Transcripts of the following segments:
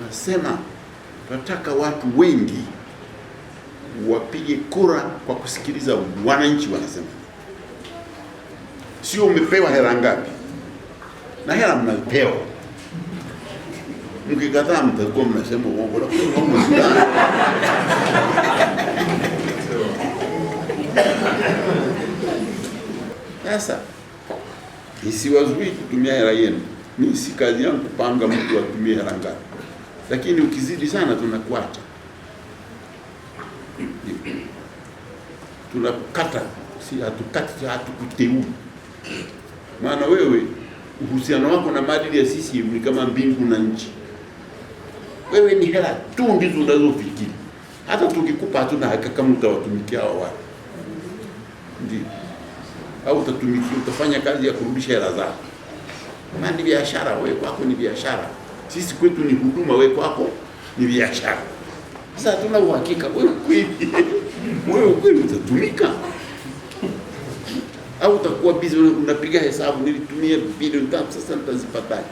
tunasema tunataka watu wengi wapige kura kwa kusikiliza wananchi wanasema, sio umepewa hela ngapi. Na hela mnapewa, mkikataa mtakuwa mnasema uongo. Sasa isiwazuii kutumia hela yenu. Ni si kazi yangu kupanga mtu atumie hela ngapi lakini ukizidi sana tunakuacha, tunakukata, si hatukati, hatukuteui. Maana wewe uhusiano wako na maadili ya CCM ni kama mbingu na nchi. Wewe ni hela tu ndizo unazofikiri, hata tukikupa hatuna hakika kama utawatumikia hawa watu, ndio au utatumikia, utafanya kazi ya kurudisha hela zao. Maana ni biashara, wewe kwako ni biashara. Sisi kwetu ni huduma, wewe kwako ni biashara. Sasa hatuna uhakika wewe kweli wewe kweli utatumika au utakuwa busy, unapiga hesabu, nilitumia bilioni tatu, sasa nitazipataje?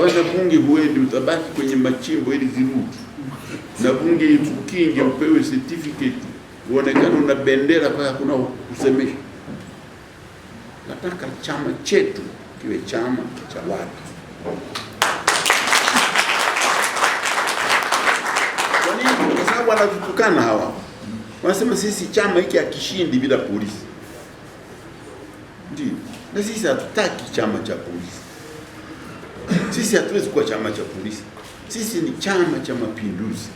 Wewe bunge huendi, utabaki kwenye machimbo ili zirudi, na bunge itukinge, upewe certificate, uonekane una bendera kwa kuna kusemesha. Nataka chama chetu kiwe chama cha watu. sababu wanatutukana hawa, wanasema sisi chama hiki hakishindi bila polisi. Ndio, na sisi hatutaki chama cha polisi, sisi hatuwezi kuwa chama cha polisi. Sisi ni Chama cha Mapinduzi.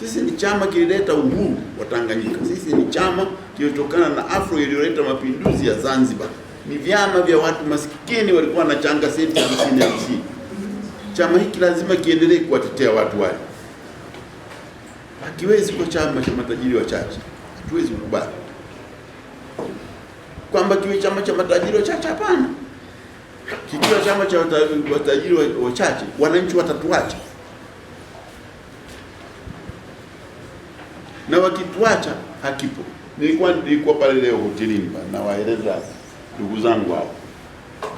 Sisi ni chama kilileta uhuru wa Tanganyika. Sisi ni chama kilitokana na afro iliyoleta mapinduzi ya Zanzibar. Ni vyama vya watu masikini walikuwa na changa senti hamsini hamsini. Chama hiki lazima kiendelee kuwatetea watu wale. Hakiwezi kwa chama cha matajiri wachache, hatuwezi kukubali kwamba kiwe chama cha matajiri wachache. Hapana, kikiwa chama cha matajiri wachache, wananchi watatuacha, na wakituacha hakipo. Nilikuwa nilikuwa pale leo hotelini pale, nawaeleza ndugu zangu hao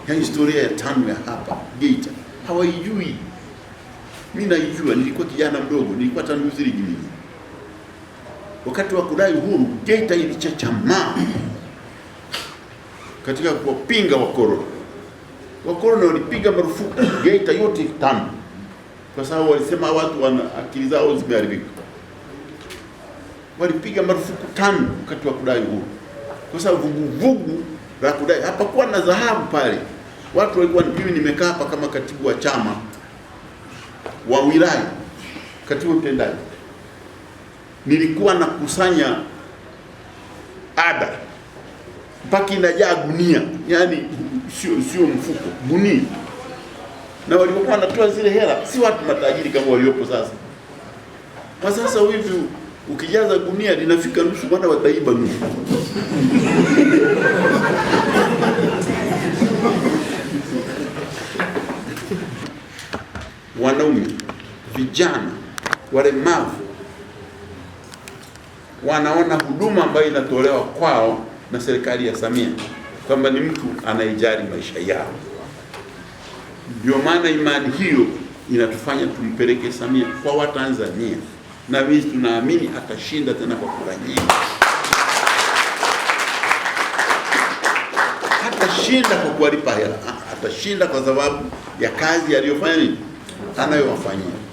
ya historia ya tano ya hapa Geita hawaijui. Mimi naijua, nilikuwa kijana mdogo, nilikuwa TANU ziligi wakati wa kudai uhuru, Geita ilichachamaa katika kuwapinga wakoloni. Wakoloni walipiga marufuku Geita yote tano, kwa sababu walisema watu wana akili zao zimeharibika. Walipiga marufuku tano wakati wa kudai uhuru, kwa sababu vuguvugu la kudai, hapakuwa na dhahabu pale. Watu walikuwa mimi, nimekaa hapa kama katibu wa chama wa wilaya, katibu mtendaji nilikuwa nakusanya ada mpaka inajaa gunia, yani sio sio mfuko, gunia. Na walipokuwa wanatoa zile hela si watu matajiri kama waliopo sasa. Kwa sasa hivi ukijaza gunia linafika nusu, maana wataiba nusu wanaume, vijana, walemavu wanaona huduma ambayo inatolewa kwao na serikali ya Samia kwamba ni mtu anayejali maisha yao. Ndio maana imani hiyo inatufanya tumpeleke Samia kwa Watanzania, na mimi tunaamini atashinda tena kwa kura nyingi, atashinda kwa kuwalipa hela, atashinda kwa sababu ya kazi aliyofanya nini anayowafanyia